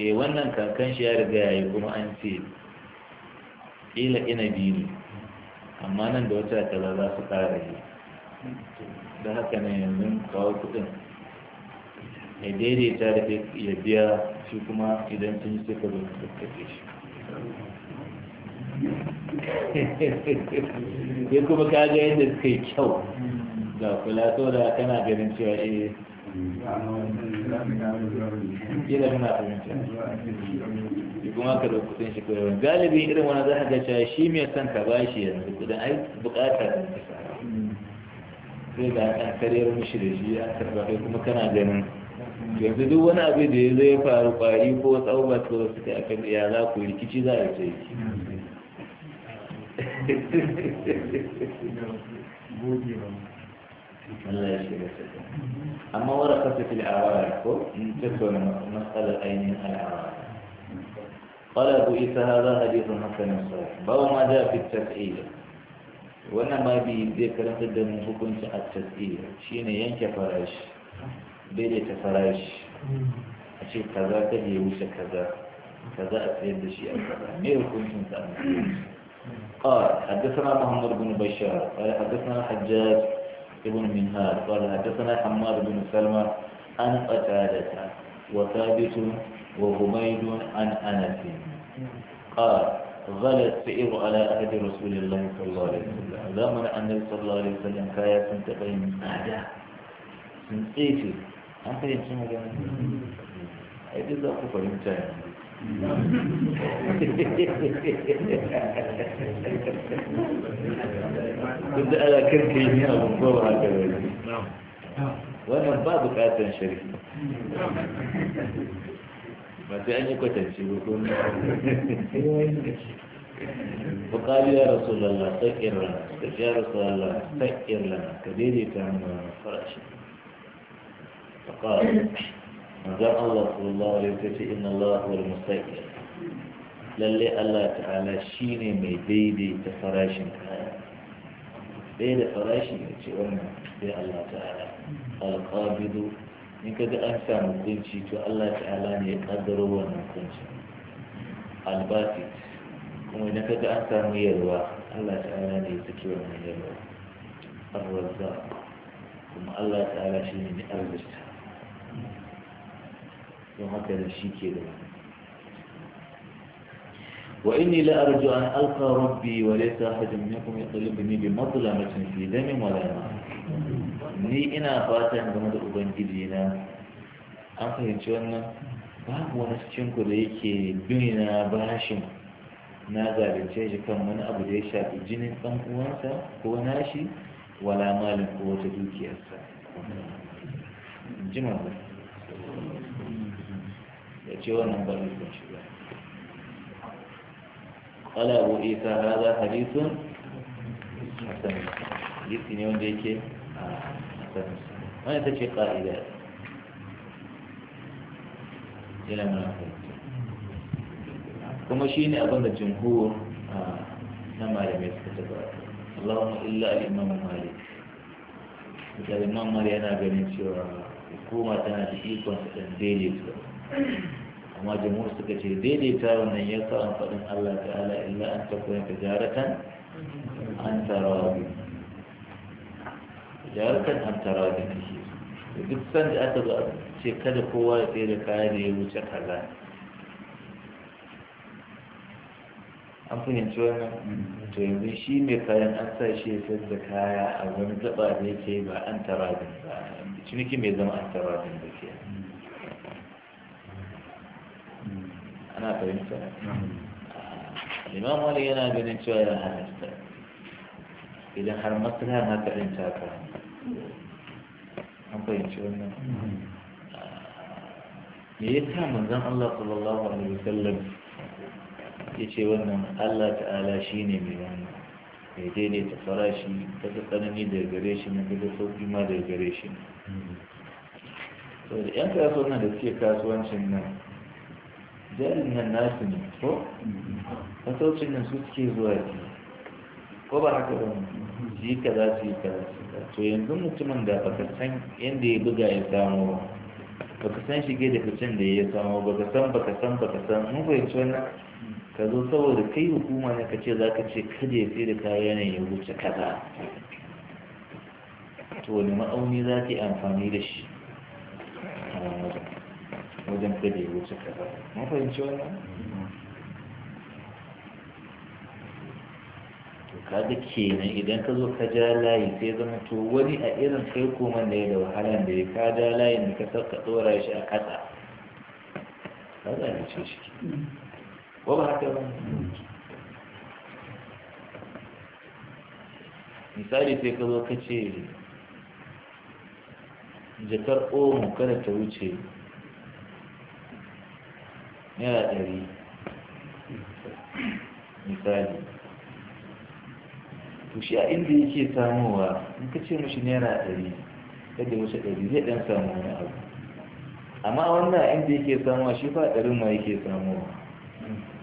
eh wannan kakan shi ya riga ya yi kuma an ce ila ina ne amma nan da wata kaza za su kara yi da haka ne yanzu kawo kuɗin ya daidaita da ya biya shi kuma idan sun yi sai ka zo ka shi ya kuma kaga yadda suka kyau ga kula so da kana ganin cewa eh kila kana fahimta shi kuma ka dauki kudin shi kawai galibi irin wani za ka ga cewa shi mai son ka ba shi yanzu kudin ai bukatar sai ga an karyar mishi da shi an karba kai kuma kana ganin yanzu duk wani abu da ya zo ya faru kwari ko tsawon ba su wasu kai akan ya za ku rikici za a ce Thank you. من لا أما ورقة في العوالي الكل تكون مسألة أي من العوالي قال أبو إيسى هذا حديث حسن صحيح باو ما جاء في التسعيل وانا ما بي ذكر قد مفكون في التسعيل شين ينك فرش بيلي تفرش أشي كذا كذا يوش كذا كذا أتريد شيء كذا ميو كنت متأمل قال حدثنا محمد بن بشار قال حدثنا حجاج ابن منهار قال حدثنا حماد بن سلمة عن قتادة وثابت وهميد عن أنس قال غلت فئر على أهد رسول الله صلى الله عليه وسلم زمن النبي صلى الله عليه وسلم كايا سنتقين أعداء سنتقين أنت يمشي مجانا أيضا أخو فهمتها كنت انا كنت كلمه الدكتور هكذا نعم وانا بعض فات شريف ما في تعني كنت تشوفون فقال يا رسول الله سكر لنا يا رسول الله سكر لنا كبيري كان فرش فقال manzon Allah sallallahu alaihi wasallam ce inna Allah wal mustaqim lalle Allah ta'ala shine mai daidaita farashin kaya ɗaya da farashi ne ce wannan sai Allah ta'ala alqabidu in kaga an samu kunci to Allah ta'ala ne ya kaddaro wannan kunci albasit kuma idan kaga an samu yalwa Allah ta'ala ne ya saki wannan yalwa arrazza kuma Allah ta'ala shine ne arzikta don haka da shi ke da wa inni la arju an alqa rabbi wa laysa ahadun minkum yatlubuni bi matlamatin fi ni ina fatan game da ubangiji na an fahimci wannan babu wani cikin ku da yake bin na bashin na zalunce shi kan wani abu da ya shafi jinin ɗan uwansa ko nashi wala malin ko wata dukiyarsa jima ya ce wannan ba rukun shi ba qala abu isa hada hadithun hasan hadisi ne wanda yake a hasan wani ta ce qa'ida ila munafiki kuma shi ne abin da jumhur na malamai suka taba Allahumma illa al-imam Malik da imam Malik yana ganin cewa hukuma tana da ikon su dan daidaita وما جمهور سكتي ذيلي تارا يقرأ فإن الله تعالى إلا أن تكون تجارة أن تراضي تجارة أن تراضي نشيز قد سند أتبع قوة في ركائن يوجد حلان an fahimci wannan to yanzu shi mai kayan an sa shi ya da kaya a wani gaba da yake ba an na fahimta limamu wani yana ganin cewa ya halatta idan har maslahan na ɗin ta an fahimci wannan me ya sa manzon Allah sallallahu alaihi wasallam ya ce wannan Allah ta'ala shi ne mai wannan ya daidaita farashi ta tsanani daga gare shi na daga sauƙi ma daga gare shi saboda 'yan kasuwan da suke kasuwancin nan jarin nan nasu ne ko masaucin nan su suke zuwa ji ko ba haka ba ji ka za su yi kaza to yanzu mutumin da baka san yadda ya buga ya samu ba baka san shige da ficin da ya samu baka san baka san baka san mun fahimci wannan ka zo saboda kai hukuma ne ka ce za ka ce kada ya sai da kayan ya wuce kaza to wani ma'auni za ka yi amfani da shi wajen da wuce wuce ba na fahimci wannan kaga kenan idan ka zo ka ja layi sai zama to wani a irin kai koman da ya da wahalan da ya ka ja layin da ka saka tsora shi a kasa ka ce shi ko ba haka ba misali sai ka zo ka ce jakar omu kada ta wuce naira ɗari misali to shi a inda yake samowa in ka ce mashi naira ɗari yadda mashi ɗari zai ɗan samu wani abu amma wannan inda yake samuwa shi fa ɗarin ma yake samuwa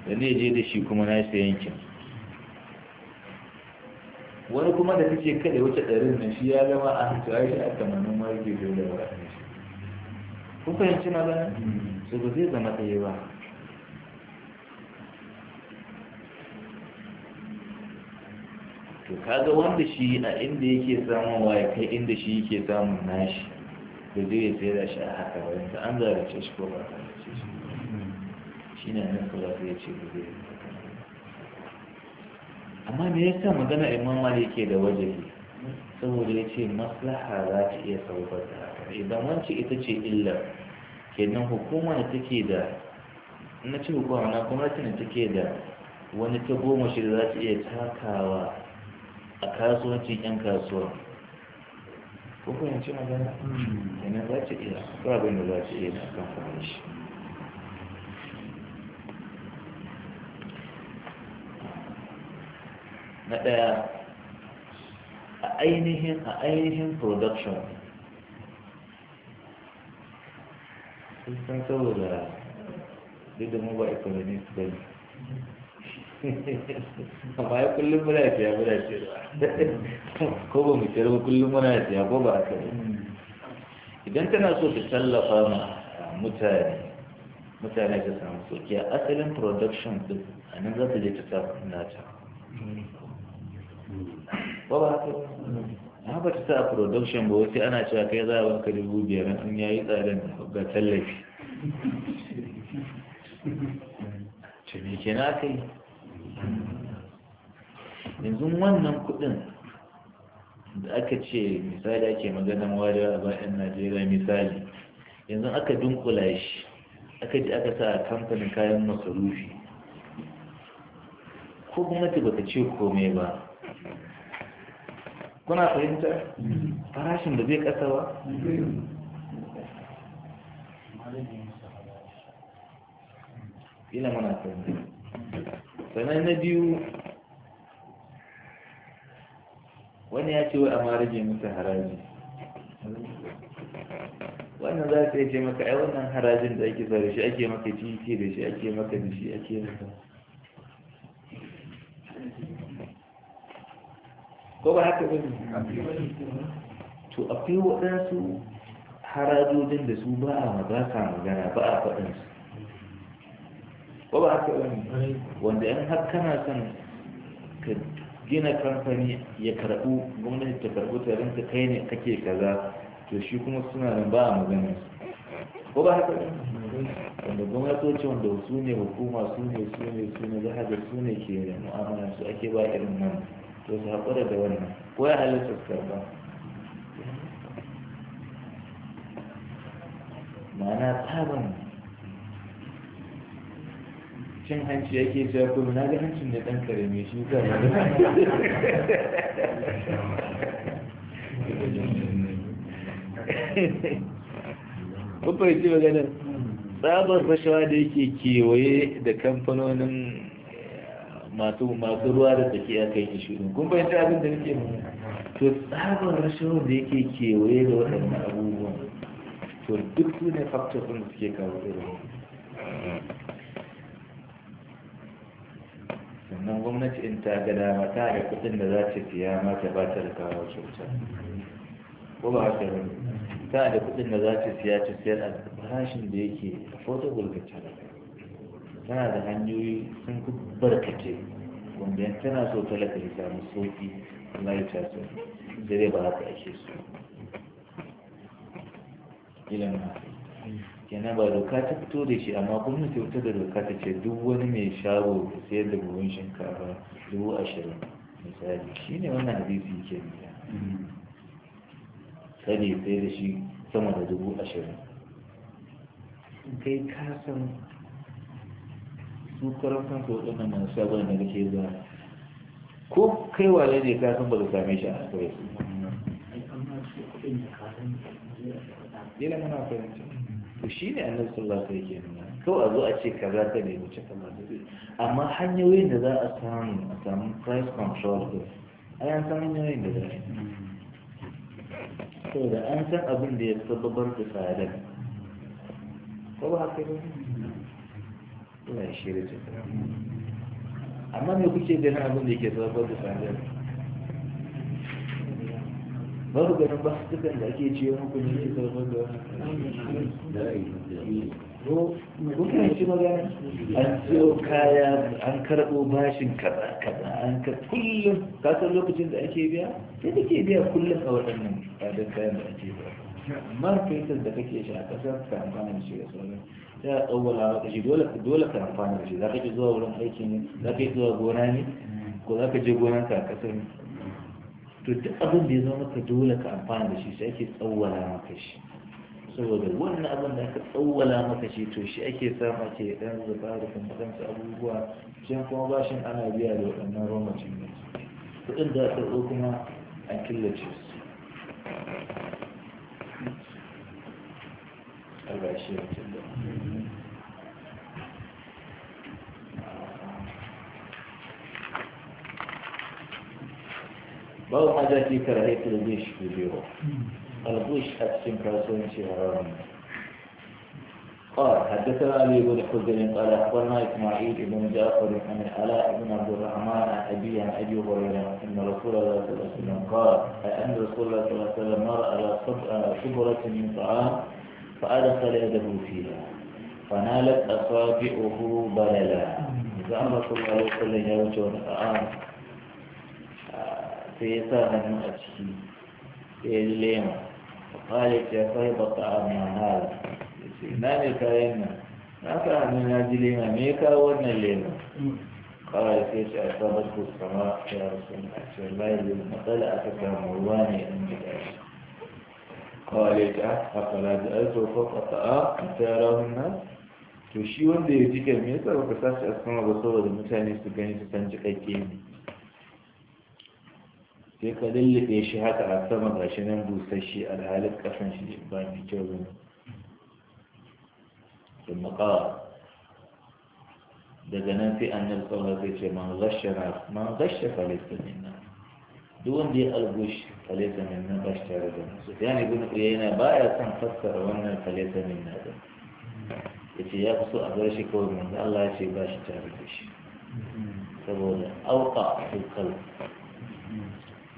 da zai je da shi kuma na shi yankin wani kuma da kake kada wuce ɗarin na shi ya zama a hantura shi a tamanin ma yake dole ba a shi kun fahimci na ba hmm. ba zai zama ɗaya ba to kaga wanda shi a inda yake samun waya kai inda shi yake samun nashi da zai ya sayar da shi a haka ba yanzu an zarace shi ko ba zarace shi shi ne nan kula zai ce da zai amma me yasa magana imam mali yake da wajibi saboda ya ce maslaha za ta iya saukar da haka idan wancan ita ce illa kenan hukuma da take da na ce hukuma na kuma da take da wani ta goma shi da za ta iya takawa a kasuwancin 'yan kasuwa ko fahimci magana yana hmm. za ta iya ba bai da za ta iya na kan fahimci shi na ɗaya a ainihin a ainihin production sun san saboda duk da mu ba economist ba ne amma ya kullum muna siya muna siyarwa ko ba mu siyar ba kullum muna siya ko ba haka idan tana so ta tallafa ma mutane mutane ta samu soki a asalin production din a nan za ta je ta sa nata ba ba haka na ba ta sa production ba wasu ana cewa kai za a baka dubu biyar an yayi tsarin ga tallafi ce me kenan aka yanzu wannan kuɗin da aka ce misali ake maganan wariya a bayan najeriya misali yanzu aka dunkula shi aka ji aka sa a kamfanin kayan masarufi ko gwamnati baka ce komai ba kuna fahimta farashin da zai kasa ba ila mana fahimta sannan na biyu wani ya ce wai amma rage masa haraji wannan za ta ce maka ai wannan harajin da ake da shi ake maka titi da shi ake maka da shi ake maka ko ba haka wani to akwai waɗansu harajojin da su ba a magana magana ba a faɗinsu ko ba haka wani wanda 'yan har kana son ka gina kamfani ya karɓu gwamnati ta karɓu ta ta kai ne kake kaza to shi kuma suna nan ba a magana ko ba haka wanda gwamnatoci wanda su ne hukuma su ne su ne su ne za haka su ne ke da mu'amala su ake ba irin nan to su haƙura da wannan ko ya halitta su karɓa ma'ana tsaban cin hanci yake cewa ko na ga hancin ne dan karami shi ka na ko ba yi magana sabon rashawa da yake kewaye da kamfanonin eh, masu masu ruwa da tsakiya kai shi shirin kun bayyana abin da nake mu to sabon rashawa da yake kewaye da waɗannan abubuwan to duk ne faktorin da suke kawo irin sannan gwamnati in ta ga dama ta da kudin da za ta fiya mata ba ta kawo cuta ko ba ta ba ta da kudin da za ta siya ta siyar a farashin da yake a ga talaka tana da hanyoyi sun fi barkace wanda yan tana so talaka ya samu sauki na ya ta da dare ba haka ake so ilan na kenan ba doka ta fito da shi amma gwamnati wata da doka ta ce duk wani mai shago sayar da buhun shinkafa dubu ashirin misali shi ne wannan hadisi ke biya kada ya sayar da shi sama da dubu ashirin kai ka san su kan ko waɗannan masu shagon da kake za ko kai wa ne ka san ba da same shi a kawai su. Yana muna fahimta. to shi ne annabi sallallahu yake nuna kawai a zo a ce kaza ta nemi wuce kamar da amma hanyoyin da za a samu a samu price control din ai an san hanyoyin da za a yi da an san abin da ya sababar da tsadar ko ba haka ne ina shirya amma me kuke ganin abin da yake sababar da tsadar ba ku ganin ba dukkan da ake ciye muku ne ke karfar da wani kuka ci magana an siyo kaya an karɓo bashin kaza kaza an ka kullum ka san lokacin da ake biya sai da ke biya kullum a waɗannan tsadar kayan da ake biya amma fetur da kake shi a ƙasar ka amfana da shi ga sauran sai a tsawwala maka shi dole ka amfana da shi za ka ji zuwa wurin aiki ne za ka yi zuwa gona ne ko za ka je gonan ka a ƙasar ne to duk abin da ya zama maka dole ka amfana da shi sai ake tsawwala maka shi saboda wannan abin da aka tsawwala maka shi to shi ake sama ke dan zuba da kuma kansu abubuwa can kuma bashin ana biya da waɗannan romacin ne kudin da aka zo kuma a killace su Allah shi babu ma za ki في karahaitu da zai shi kujewa albush قال حدثنا علي بن حزين قال اخبرنا اسماعيل بن جعفر عن الآلاء بن عبد الرحمن عن ابي عن ابي هريره ان رسول الله صلى الله عليه وسلم قال ان رسول الله صلى الله عليه وسلم مر على صبرة من طعام فادخل يده فيها فنالت اصابعه بللا اذا امر صلى الله عليه وسلم يوجه الطعام sai ya sa hannu a ciki sai ya lema kare ce ya sai baka ta amma hala ya ce na ne kayan nan na sa hannu ya ji lema me ya kawo wannan lema kare sai ce a sabar ku sama ya rasu a cikin layi matsala aka samu ruwa ne ah, an gida shi ya ta afala a azo faƙa ta'a a tsayarar nan to shi wanda ya ji game ya sa baka sashi a sama ba saboda mutane su gani su san jikakke ne sai ka lullube shi haka a sama gashi nan busasshe alhalin kasan shi ba mai kyau ba ne daga nan sai annabi nan alaihi wasallam ce man ghashana man ghasha falaysa minna duk wanda ya algush falaysa minna ba shi tare da su yani ibn baya son fassara wannan falaysa minna din yace ya fi so a bar shi kawai manzo Allah ya ce ba shi tare da shi saboda auka fil qalb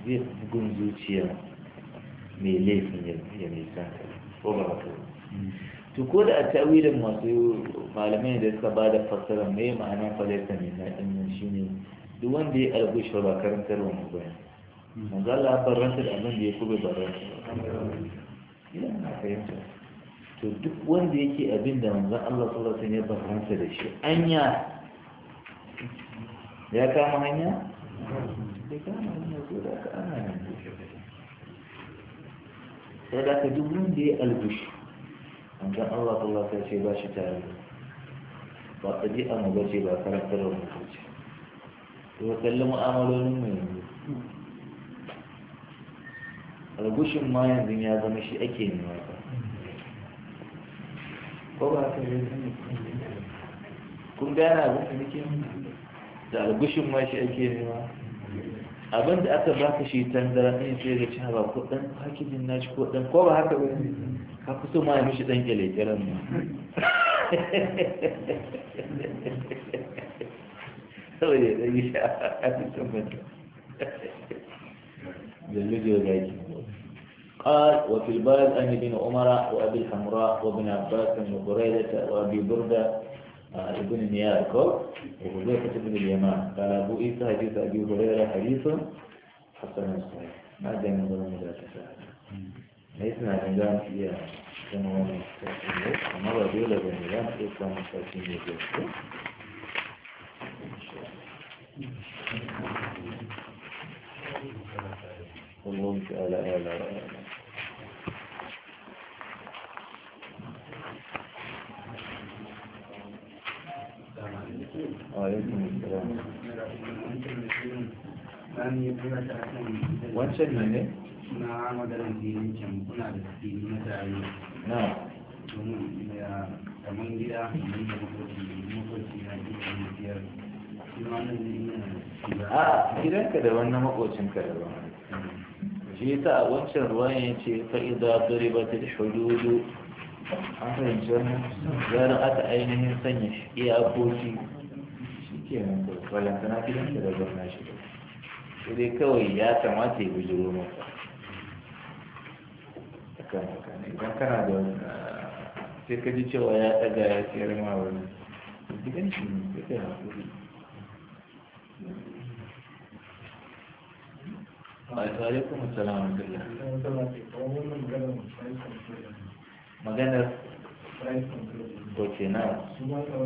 zai bugun zuciya mai laifin ya nisan ko ba haka mm. to ko da a tawilin masu malamai da suka ba da fassara mai ma'ana falaita mai naɗin nan shi ne duk wanda ya algushi ba karantar mu ba mm. manzo Allah barranta farantar abin da ya kube barranta yana na fahimta to duk wanda yake abin da manzo Allah sallallahu alaihi wasallam ya da shi anya ya kama hanya بكامل موجودة كأمان هذا كدبون دي البشر أن الله الله كاشي باشي تعالى وقدي أنا باشي بأكرم ترون وكلموا أمرون منه البشر ما ينزم يا زمشي أكيد ما kun gana abin da nake da algushin ma shi ake nema abin da aka baka shi tandara ɗin sai ga cewa ba ko ɗan hakijin nashi ko ɗan ko ba haka wani ka fi so ma ya mishi ɗan gyalekyaran ma saboda ya ɗan yi sha a cikin mutum جلجل ذلك قال وفي الباب أن ابن عمر وأبي الحمراء وابن عباس وبريدة وأبي بردة آه، ابن نياكو كو وحذيفة ابن اليمان قال أبو عيسى حديث أبي هريرة حديث حسن صحيح ما دام من ظلم ذات ليس ما نظام فيها كما هو مستقيم ومرة دولة بنظام فيه كما مستقيم يجب والله تعالى أعلى wancan ne na filin can kuna da na tare na domin kamar gida da na ne ina a gidanka daban na makocinka shi yasa a wancan ruwan ya ce fa'iza duribatil hududu an fahimci wannan zarar aka ainihin sanya iyakoki nan ko wala kana gidan da daga na shi sai dai kawai ya kamata ya bujuro maka akan haka idan kana da ah, sai ka ji cewa ya daga ya tsayar ma wani idan shi ne sai ka hakuri alaikum assalam wa rahmatullah maganar ko kasuwa.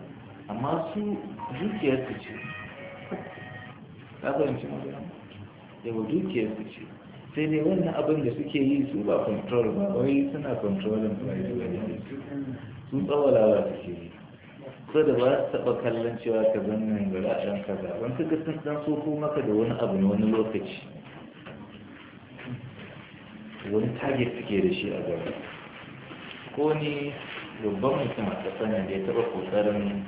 amma su dukiyar su ce ta fahimci magana yawa dukiyar su ce sai dai wannan abin da suke yi su ba control ba wai suna controlling price ba su tsawalawa suke yi ko da ba su taɓa kallon cewa ka zannan ga a ɗan kaza wani kaga sun so ko maka da wani abu ne wani lokaci wani target suke da shi a gaba ko ni babban mutum a tsakanin da ya taɓa ƙoƙarin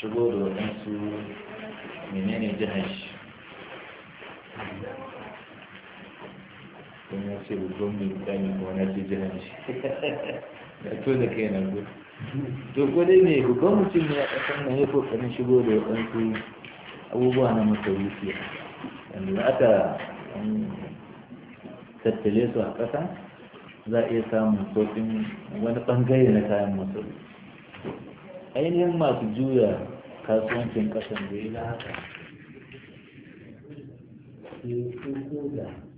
shigo da waɗansu menene jihar shi don ya ce babban mai mutane kuma na ce jihar shi da to da kai na gudu to ko ne babban mutum ya a ƙasar nan ya kokarin shigo da waɗansu abubuwa na masarufi yanzu aka tattale su a ƙasa za a iya samun sauƙin wani ɓangare na kayan masarufi ainihin masu juya kasuwancin kasan da ya haka